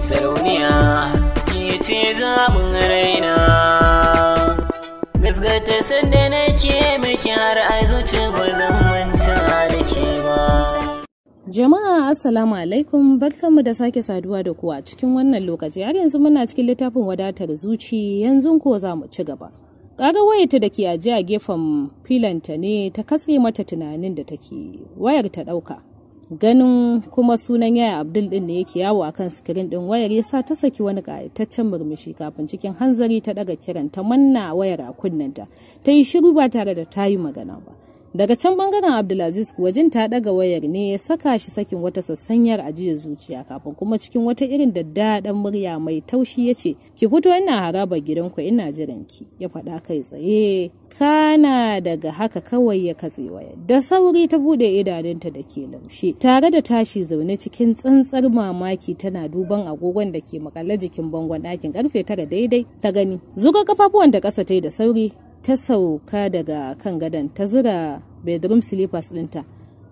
sarauniya ki ce zaɓin raina gasgata sanda nake miki har a zuci ba zan manta da ke ba Jama'a Assalamu alaikum barkanmu da sake saduwa da ku a cikin wannan lokaci har yanzu muna cikin littafin wadatar zuci yanzu ko za mu ci gaba. ƙara wayarta da ke ajiye a gefen filanta ne ta katse mata tunanin da take wayar ta ɗauka. ganin kuma sunan yaya abdul din da yake yawo akan sikirin din wayar ya sa ta saki wani ƙayataccen murmushi kafin cikin hanzari ta ɗaga kiran ta manna wayar a kunnenta ta yi shiru ba tare da ta yi magana ba daga can bangaren abdulaziz kuwa jin ta daga wayar ne ya saka shi sakin wata sassanyar ajiyar zuciya kafin kuma cikin wata irin daɗan murya mai taushi ya ce ki fito ina harabar gidanku ina jiran ki ya faɗa kai tsaye kana daga haka kawai ya katse wayar da sauri ta buɗe idanunta da ke laushe tare da tashi zaune cikin tsantsar mamaki tana duban agogon da ke makalle jikin bangon ɗakin karfe tara daidai ta gani zuga kafafuwan da ƙasa ta yi da sauri ta sauka daga kan gadon ta zura bedroom slippers ɗinta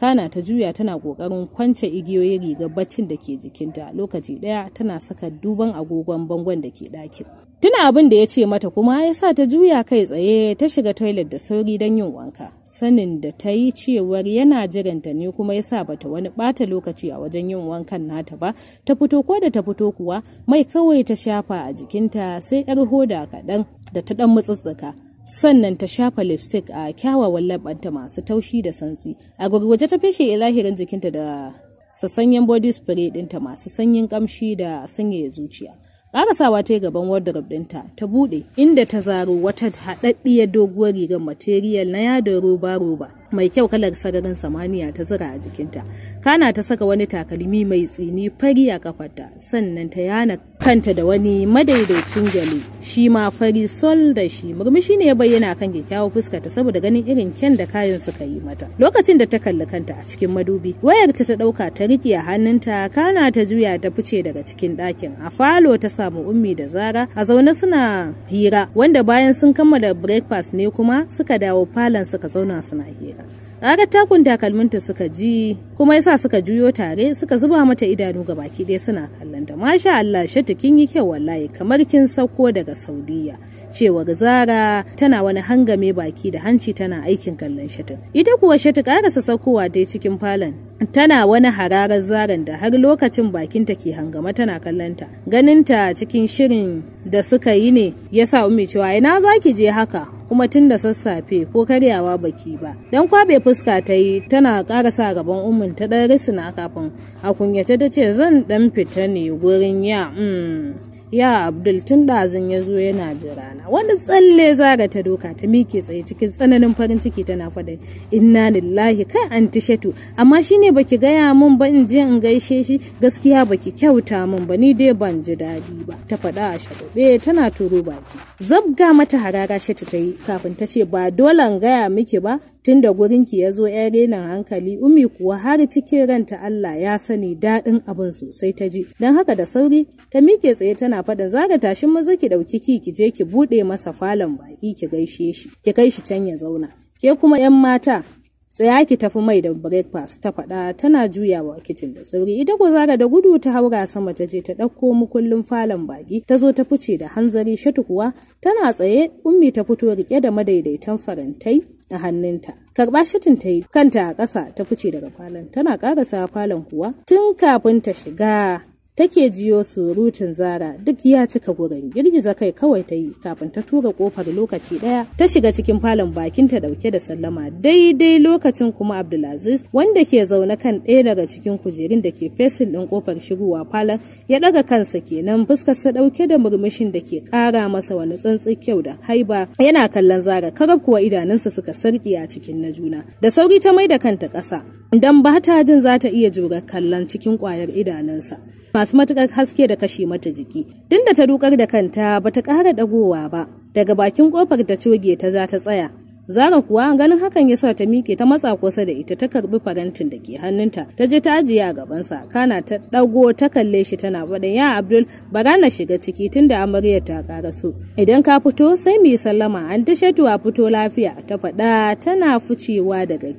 kana ta juya tana ƙoƙarin kwance igiyoyi rigar baccin da ke jikinta lokaci ɗaya tana saka duban agogon bangon da ke ɗakin tuna abin da ya ce mata kuma ya sa ta juya kai tsaye ta shiga toilet da sauri don yin wanka sanin da ta yi cewar yana jiranta ne kuma ya sa bata wani bata lokaci a wajen yin wankan nata ba ta fito ko da ta fito kuwa mai kawai ta shafa a jikinta sai 'yar hoda kaɗan da ta ɗan mutsutsuka sannan ta shafa lipstick a kyawawan labanta masu taushi da santsi a gurguje ta feshe lahirin jikinta da sassanyen body spray dinta masu sanyin kamshi da sanyaya zuciya karasawa ta yi gaban wardrobe dinta ta bude inda ta zaro wata haɗaɗɗiyar doguwar rigar material na yadon roba roba mai kyau kalar sararin samaniya ta zura a jikinta kana ta saka wani takalmi mai tsini fari a kafarta sannan ta yana kanta da wani madaidaicin gyale shi ma fari sol da shi murmushi ne ya bayyana kan kyakkyawar ta saboda ganin irin kyan da kayan suka yi mata lokacin da ta kalli kanta a cikin madubi wayarta ta dauka ta riƙe a hannunta kana ta juya ta fice daga cikin ɗakin a falo ta samu ummi da zara a zaune suna hira wanda bayan sun kammala breakfast ne kuma suka dawo falon suka zauna suna hira ragar takun takalminta suka ji kuma yasa suka juyo tare suka zuba mata idanu ga baki ɗaya suna kallon ta masha Allah shata kin yi kyau wallahi kamar kin sauko daga Saudiya cewa zara tana wani hangame baki da hanci tana aikin kallon shatin ita kuwa shatu karasa saukowa dai cikin falon tana wani hararar zaren da har lokacin bakinta ke hangama tana kallonta ganinta cikin shirin da suka yi ne ya sa umi cewa ina za ki je haka kuma tun da sassafe ko karyawa baki ba dan kwabe fuska ta yi tana karasa gaban umin ta dan risina kafin a kunyata ta ce zan ɗan fita ne gurin ya hmm. ya abdul tun ɗazun ya zo yana jirana wani tsalle zaga ta doka ta mike tsaye cikin tsananin farin ciki tana faɗa inna lillahi kai an tishatu amma shine baki gaya min ba in je in gaishe shi gaskiya baki kyauta mun ba ni dai ban ji daɗi ba ta faɗa a shagwabe tana turo baki zabga mata harara shatu ta yi kafin ta ce ba dole in gaya miki ba tun da gurinki ya zo ‘yan rena hankali umi kuwa har cikin ranta Allah ya sani daɗin abin sosai ta ji don haka da sauri ta miƙe tsaye tana faɗin zaga tashi maza ki ɗauki ki ki je ki buɗe masa falon baƙi ki gaishe shi ki kai shi can ya zauna ke kuma ‘yan mata Tsaya ki tafi mai da breakfast ta faɗa tana juyawa kicin da sauri ita ko zara da gudu ta haura sama ta je ta ɗauko mukullin falon baki ta zo ta fice da hanzari shatu kuwa tana tsaye ummi ta fito rike da madaidaitan farantai a hannunta. Karɓa shatin ta yi kanta a ƙasa ta fice daga falon tana ƙarasa falon kuwa tun kafin ta shiga take jiyo surutun zara duk ya cika gurin girgiza kai kawai ta yi kafin ta tura kofar lokaci daya ta shiga cikin falon bakin ta dauke da sallama daidai lokacin kuma abdulaziz wanda ke zaune kan ɗaya daga cikin kujerun da ke fesin ɗin kofar shigowa falon ya daga kansa kenan fuskarsa dauke da murmushin da ke kara masa wani tsantsi kyau da haiba yana kallon zara karab kuwa idanunsa suka sarki a cikin na juna da sauri ta mai da kanta ƙasa dan ba ta jin za ta iya jura kallon cikin kwayar idanunsa masu matukar haske da kashe mata jiki. tun da ta dukar da kanta bata kara dagowa ba, daga bakin kofar ta coge ta za ta tsaya. Zara kuwa ganin hakan ya sa ta miƙe ta matsa kusa da ita ta karbi farantin da ke hannunta ta je ta ajiye a gabansa kana ta ɗago ta kalle shi tana faɗa ya Abdul bara na shiga ciki tun da amaryar ta so idan ka fito sai mu yi sallama an ta a fito lafiya ta faɗa tana ficewa daga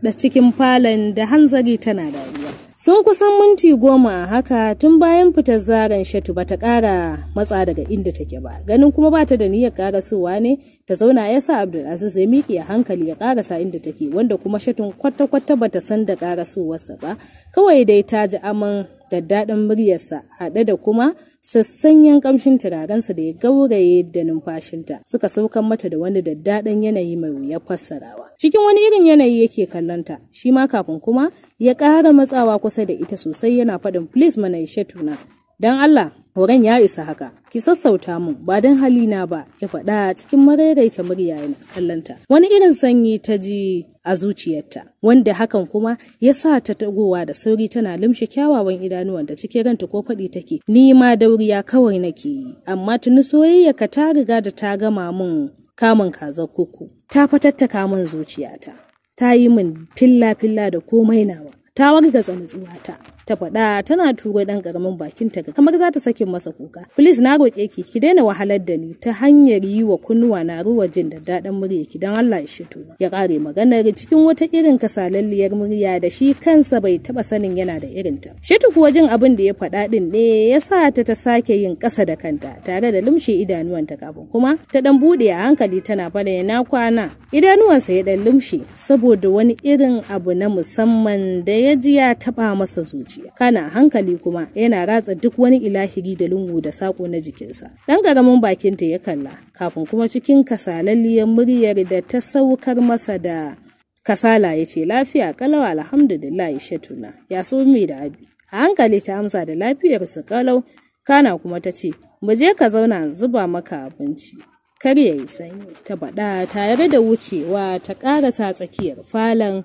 da cikin falon da hanzari tana da sun kusan minti goma haka tun bayan fitar zaren shatu bata kara matsa daga inda take ba ganin kuma ba ta da niyyar karasowa ne ta zauna ya sa abdulaziz ya miƙe a hankali ya karasa inda take wanda kuma shatun kwata-kwata bata san da karasowarsa ba kawai dai ta ji aman daddaɗin muryarsa haɗe da kuma sassanyen kamshin turarensa da ya gauraye da numfashinta suka saukan mata da wani daddaɗan yanayi mai wuyar fassarawa cikin wani irin yanayi yake kallonta shi ma kafin kuma ya ƙara matsawa kusa da ita sosai yana faɗin please mana ya tuna. Don Allah, horon ya isa haka. Ki sassauta mun ba don halina ba, ya faɗa cikin maraidaita murya yana kallanta. Wani irin sanyi ta ji a zuciyarta, wanda hakan kuma ya sa ta tagowa da sauri tana lumshe kyawawan idanuwan da cike ranta ko faɗi take. Ni ma dauriya kawai nake yi, amma tuni soyayya ka ta riga da ta gama mun kamun kazar kuku. Ta fatattaka min zuciyata. Ta yi min filla-filla da komai nawa. Ta wargaza nutsuwata. ta faɗa tana turo ɗan ƙaramin bakinta ga kamar za ta sakin masa kuka. filis na roƙe ki ki daina wahalar da ni ta hanyar yi wa kunnuwa na ruwa jin da daɗin murya ki don Allah shi tuba. Ya ƙare maganar cikin wata irin kasalalliyar murya da shi kansa bai taɓa sanin yana da irin ta. Shitu kuwa jin abin da ya faɗa ɗin ne ya sa ta ta sake yin ƙasa da kanta tare da lumshe idanuwanta kafin kuma ta ɗan buɗe a hankali tana faɗa na kwana. Idanuwansa ya ɗan lumshe saboda wani irin abu na musamman da ya ji ya taɓa masa zuci. shi kana hankali kuma yana ratsa duk wani ilahiri da lungu da sako na jikinsa ɗan karamin bakinta ya kalla kafin kuma cikin kasalalliyar muryar da ta saukar masa da kasala ya ce lafiya kalau alhamdulillah tuna. ya so mai da abi a hankali ta amsa da lafiyar su kalau kana kuma ta ce mu je ka zauna zuba maka abinci kar ya yi sanyi ta baɗa tare da wucewa ta ƙarasa tsakiyar falon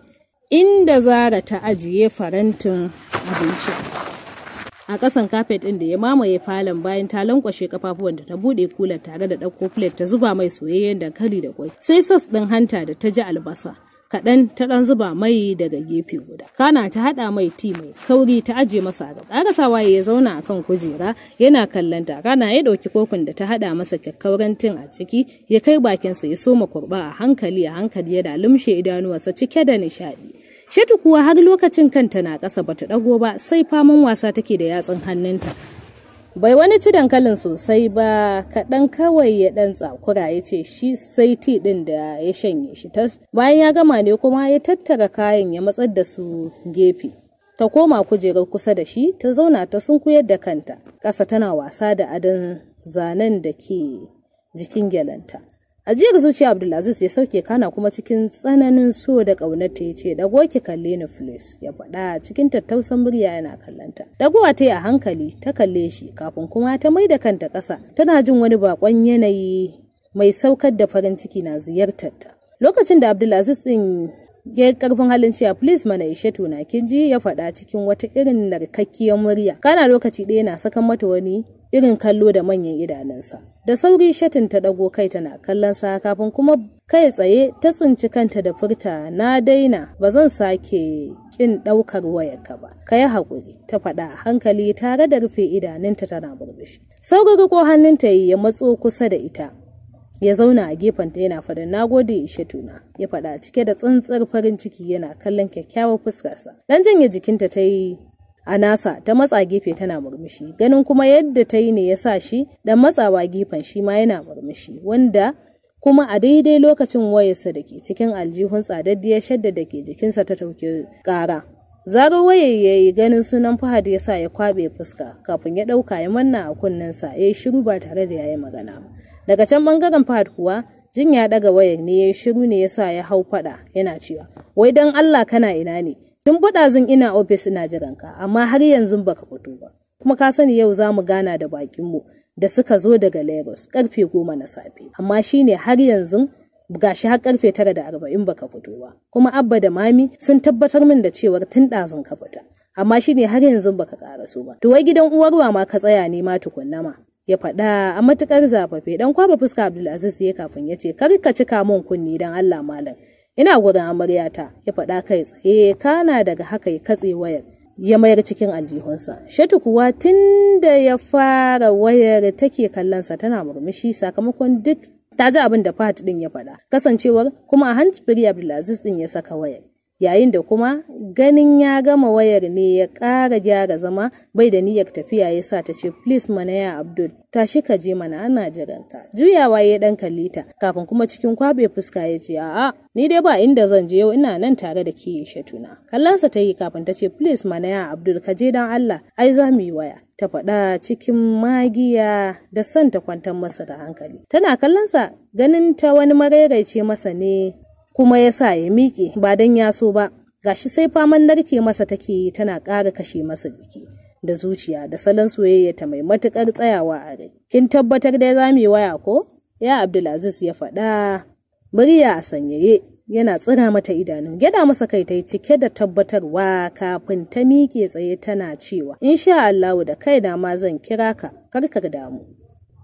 inda zara ta ajiye farantin abinci a ƙasan kafet ɗin da ya mamaye falon bayan ta lankwashe kafafuwan da ta buɗe kulan tare da ɗauko plate ta zuba mai soyayyen dankali da kwai sai sos ɗin hanta da ta ji albasa kaɗan ta ɗan zuba mai daga gefe guda. Kana ta haɗa mai ti mai kauri ta aje masa a ɗaga sa waye ya zauna a kan kujera yana kallon ta. Kana ya ɗauki kofin da ta haɗa masa kyakkyawan tin a ciki ya kai bakinsa ya soma kurɓa a hankali a hankali yana lumshe idanuwarsa cike da nishaɗi. Shatu kuwa har lokacin kanta na ƙasa bata ɗago ba sai faman wasa take da yatsun hannunta bai wani ci dankalin sosai ba kaɗan kawai ya ɗan tsakura ya ce shi sai ti ɗin da ya shanye shi tas bayan ya gama ne kuma ya tattara kayan ya matsar da su gefe ta koma kujerar kusa da shi ta zauna ta sunkuyar da kanta ƙasa tana wasa da adon zanen da ke jikin gyalanta a ajiyar zuciya abdulaziz ya sauke kana kuma cikin tsananin so da ƙaunar ta yace dago ki kalle ni flis ya faɗa cikin tattausan murya yana kallanta dagowa ta yi a hankali ta kalle shi kafin kuma ta mai da kanta ƙasa tana jin wani bakon yanayi mai saukar da farin ciki na ziyartar ta lokacin da abdulaziz din ya karfin halin cewa please mana ishe tuna kin ji ya faɗa cikin wata irin narkakkiyar murya kana lokaci ɗaya na sakan mata wani irin kallo da manyan idanunsa. Da sauri shatin ta ɗago kai tana kallon sa kafin kuma kai tsaye ta tsinci kanta da furta na daina ba zan sake kin ɗaukar wayarka ba. Ka yi haƙuri ta faɗa a hankali tare da rufe idanunta tana burbushi. Sauri ta hannunta ya matso kusa da ita. Ya zauna a gefenta yana faɗa na gode tuna. ya faɗa cike da tsantsar farin ciki yana kallon kyakkyawar fuskarsa. Dan janye jikinta ta yi a nasa ta matsa gefe tana murmushi ganin kuma yadda ta yi ne ya sa shi dan matsawa gefen shi ma yana murmushi wanda kuma a daidai lokacin wayarsa da ke cikin aljihun tsadaddiyar shadda da ke jikinsa ta tauke kara, zarar wayar ya yi ganin sunan fahad ya sa ya kwabe fuska kafin ya ɗauka ya manna a sa ya yi shiru ba tare da ya yi magana ba daga can ɓangaren fahad kuwa jin ya ɗaga wayar ne ya shiru ne ya sa ya hau faɗa yana cewa wai don allah kana ina ne Tun buɗazun ina ofis ina jiran ka, amma har yanzu baka fito ba. Kuma ka sani yau za mu gana da bakin mu da suka zo daga Lagos karfe goma na safe. Amma shine har yanzu gashi har karfe tara da arba'in baka fito ba. Kuma Abba da Mami sun tabbatar min da cewar tun ɗazun ka fita. Amma shine har yanzu baka so ba. To wai gidan uwarwa ma ka tsaya ne ma tukunna ma. ya faɗa a matuƙar zafafe dan kwaba fuska Abdulaziz ya kafin ya ce kar ka cika mun kunni dan Allah malam ina gudun amaryata ya faɗa kai tsaye kana daga haka ya katse wayar ya mayar cikin aljihunsa shatu kuwa tun ya fara wayar take kallonsa tana murmushi sakamakon duk ta ji abin da fat din ya faɗa kasancewar kuma a hands free abdulaziz din ya saka wayar yayin da kuma ganin ya gama wayar ne ya ƙara gyara zama bai da niyyar tafiya ya sa ta ce please mana ya abdul tashi ka je mana ana jiranka juyawa ya dan kalli kafin kuma cikin kwabe fuska ya ce a'a ni dai ba inda zan je yau ina nan tare da ke shatuna kallansa ta yi kafin ta ce please mana ya abdul ka je dan allah ai za mu yi waya ta faɗa cikin magiya da son ta kwantar masa da hankali tana kallonsa ganin ta wani marairaice masa ne kuma ya sa ya miƙe ba don ya so ba gashi sai faman narke masa take yi tana ƙara kashe masa jiki da zuciya da salon soyayya ta mai matuƙar tsayawa a rai kin tabbatar da za mu waya ko ya abdulaziz ya faɗa murya a sanyaye yana tsira mata idanu gyada masa kai ta cike da tabbatarwa kafin ta miƙe tsaye tana cewa insha Allahu da kai na ma zan kira ka Kar ka damu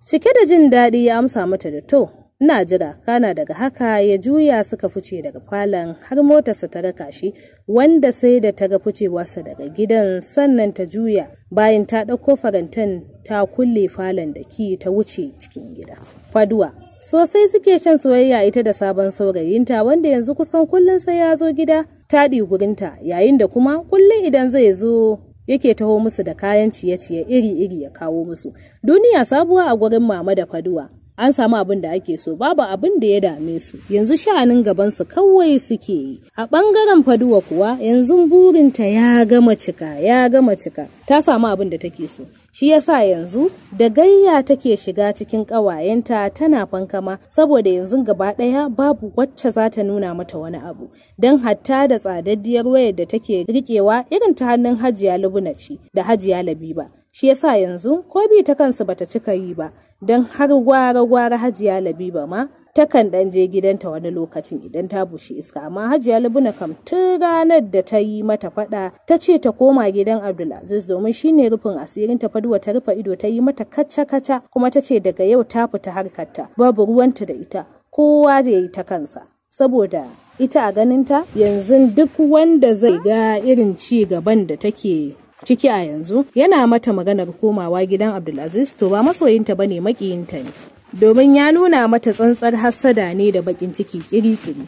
cike da jin daɗi ya amsa mata da to ina jira kana daga haka ya juya suka fice daga falon har motarsa ta raka shi wanda sai da ta ga ficewarsa daga gidan sannan ta juya bayan ta ɗauko farantan ta kulle falon da ki ta wuce cikin gida faduwa sosai suke shan soyayya ita da sabon saurayinta wanda yanzu kusan kullum sai ya zo gida taɗi gurinta yayin da kuma kullum idan zai zo yake taho musu da kayan ciye-ciye iri-iri ya kawo musu duniya sabuwa a gurin mama da faduwa an samu abin da ake so babu abin da ya dame su yanzu sha'anin gabansu kawai suke yi a ɓangaren faduwa kuwa yanzu burinta ya gama cika ya gama cika ta samu abin da take so shi yasa yanzu da gayya take shiga cikin ƙawayenta tana fankama saboda yanzu gaba ɗaya babu wacce za ta nuna mata wani abu don hatta da tsadaddiyar wayar da take riƙewa irin ta hannun hajiya lubuna da hajiya labiba shi yasa yanzu ko bi ta kansu bata cika yi ba don har gwara gwara hajiya labiba ma takan dan je gidanta wani lokacin idan ta bushe iska amma hajiya labuna kam tun ranar da ta yi mata fada ta ce ta koma gidan abdulaziz domin shi ne rufin asirin ta faduwa ta rufe ido ta yi mata kaca-kaca kuma ta ce daga yau ta fita harkarta babu ruwanta da ita kowa da yi ta kansa saboda ita a ganinta yanzu duk wanda zai ga irin ci gaban da take ciki a yanzu yana mata maganar komawa gidan Abdulaziz to ba masoyinta bane makiyinta ne domin ya nuna mata tsantsar hassada ne da bakin ciki kirikiri.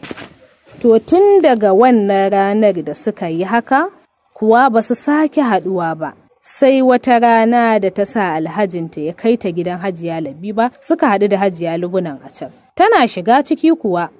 To tun daga wannan ranar da suka yi haka kuwa ba su sake haduwa ba. Sai wata rana da ta sa alhajinta ya kai ta gidan hajiya labiba suka haɗu da hajiya lubunan a can. Tana shiga ciki kuwa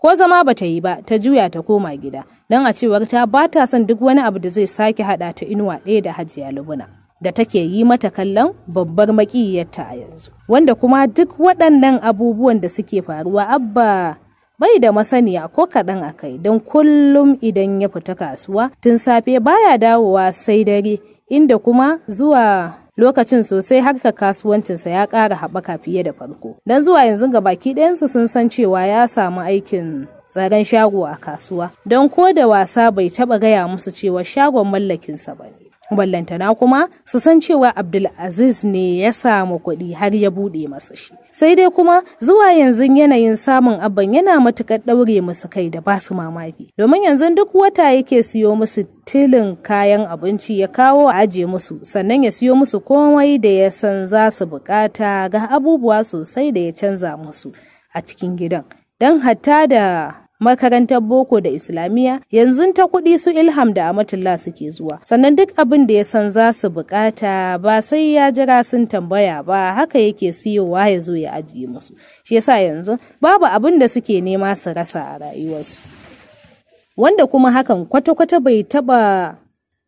ko zama bata yi ba ta juya ta koma gida don a cewar ta ba ta son duk wani abu da zai sake haɗa ta inuwa ɗaya da hajiya lubuna da take yi mata kallon babbar makiyarta a yanzu wanda kuma duk waɗannan abubuwan da suke faruwa abba bai da masaniya ko kaɗan a kai don kullum idan ya fita kasuwa tun safe baya dawowa sai dare inda kuma zuwa lokacin sosai harkar kasuwancinsa ya ƙara haɓaka fiye da farko don zuwa yanzu ga baki ɗayansu sun san cewa ya samu aikin tsaron shago a kasuwa don ko da wasa bai taɓa gaya musu cewa shagon mallakinsa ba ne wallantana kuma su san cewa abdulaziz ne ya samu kuɗi har ya buɗe masa shi sai dai kuma zuwa yanzu yanayin samun abban yana matuƙar ɗaure musu kai da ba su mamaki domin yanzu duk wata yake siyo musu tilin kayan abinci ya kawo a aje musu sannan ya siyo musu komai da ya san za su buƙata ga abubuwa sosai da ya canza musu a cikin gidan don hatta da makarantar boko da islamiyya yanzu ta kuɗi su ilham da amatullah suke zuwa sannan duk abin da ya san za su bukata ba sai ya jira sun tambaya ba haka yake siyowa ya zo ya ajiye musu shi yasa yanzu babu abin da suke nema su rasa a rayuwarsu wanda kuma hakan kwata-kwata bai taba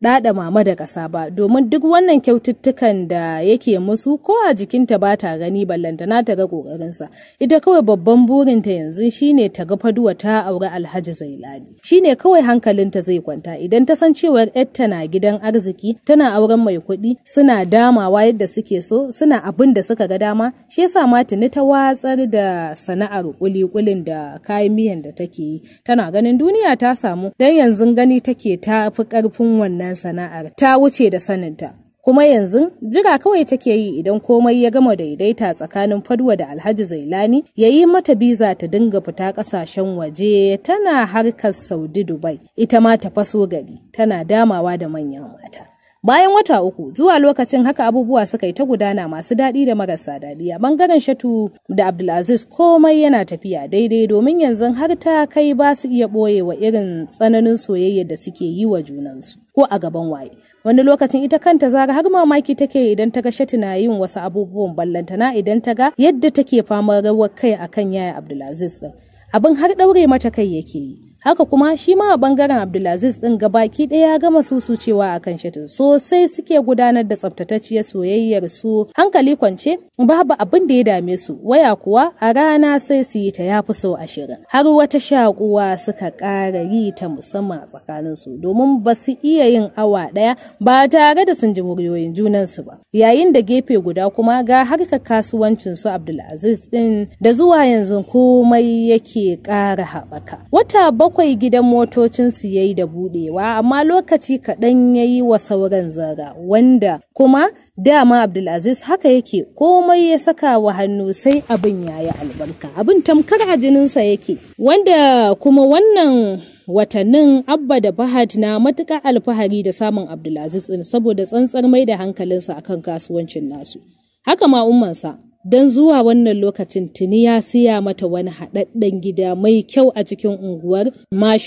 ɗaɗa mama da ƙasa ba domin duk wannan kyaututtukan da yake musu ko a jikinta ba ta gani na ta ga ƙoƙarinsa ita kawai babban burinta yanzu shine ta ga faduwa ta aure alhaji zailani shine kawai hankalinta zai kwanta idan ta san cewar yarta na gidan arziki tana auren mai kuɗi suna damawa yadda suke so suna abin da suka ga dama shi yasa ma tuni ta watsar da sana'ar kulikulin da kayan miyan da take yi tana ganin duniya ta samu dan yanzu gani take ta fi ƙarfin wannan wannan sana'ar ta wuce da saninta. Kuma yanzu jira kawai take yi idan komai ya gama daidaita tsakanin Fadwa da Alhaji Zailani ya yi mata biza ta dinga fita ƙasashen waje tana harkar Saudi Dubai ita ma ta faso gari tana damawa da manyan mata. Bayan wata uku zuwa lokacin haka abubuwa suka yi ta gudana masu daɗi da marasa daɗi a bangaren Shatu da Abdulaziz komai yana tafiya daidai domin yanzu har ta kai ba su iya ɓoye wa irin tsananin soyayyar da suke yi wa junansu ko a gaban waye. Wani lokacin ita kanta zara har mamaki take idan ta ga Shatu na yin wasu abubuwan ballantana idan ta ga yadda take fama rawar kai akan yaya Abdulaziz ɗin. Abin har ɗaure mata kai yake yi. haka kuma shi ma a bangaren abdulaziz din gabaki ɗaya ya gama susucewa a kan shatin sosai suke gudanar da tsaftatacciyar soyayyar su hankali kwance babu abin da ya dame su waya kuwa a rana sai su yi ta yafi so ashirin har wata shakuwa suka ƙara yi ta musamman a tsakanin su domin ba su iya yin awa ɗaya ba tare da sun ji muryoyin junan su ba yayin da gefe guda kuma ga harkar kasuwancin su abdulaziz din da zuwa yanzu komai yake ƙara haɓaka wata bakwai gidan motocin ya yi da budewa amma lokaci kaɗan ya yi wa sauran zara wanda kuma dama abdulaziz haka yake komai ya saka wa hannu sai abin ya yi albarka abin tamkar a jininsa yake wanda kuma wannan watannin abba da bahad na matuƙar alfahari da samun abdulaziz ɗin saboda tsantsar mai da hankalinsa akan kasuwancin nasu haka ma ummansa don zuwa wannan lokacin tuni ya siya mata wani haɗaɗɗen gida mai kyau a cikin unguwar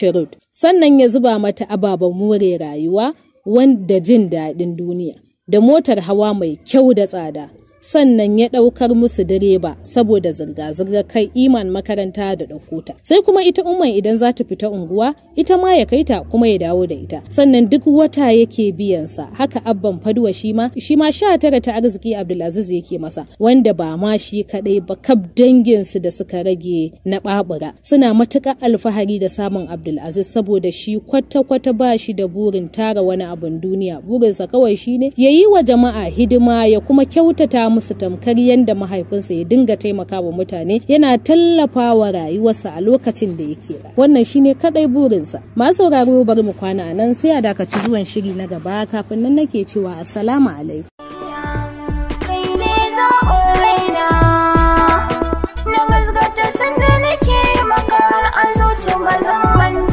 Road, sannan ya zuba mata ababen more rayuwa wanda jin daɗin duniya da motar hawa mai kyau da tsada. sannan ya ɗaukar musu direba saboda zirga-zirga kai iman makaranta da ɗaukota. Sai kuma ita umar idan za ta fita unguwa ita ma ya kai ta kuma ya dawo da ita. Sannan duk wata yake biyansa haka abban faduwa shi ma shi ma sha tara ta arziki Abdulaziz yake masa wanda ba ma shi kaɗai ba kab danginsu da suka rage na ɓaɓura suna matuƙar alfahari da samun Abdulaziz saboda shi kwata-kwata ba shi da burin tara wani abin duniya burinsa kawai shine ya yi wa jama'a hidima ya kuma kyautata musu tamkar yadda mahaifinsa ya dinga taimaka wa mutane yana tallafawa rayuwarsa a lokacin da yake wannan shine kadai burinsa masu sauraro bari mu kwana a nan sai a dakaci zuwan shiri na gaba kafin nan nake cewa assalamu alaikum Sanda nake maka har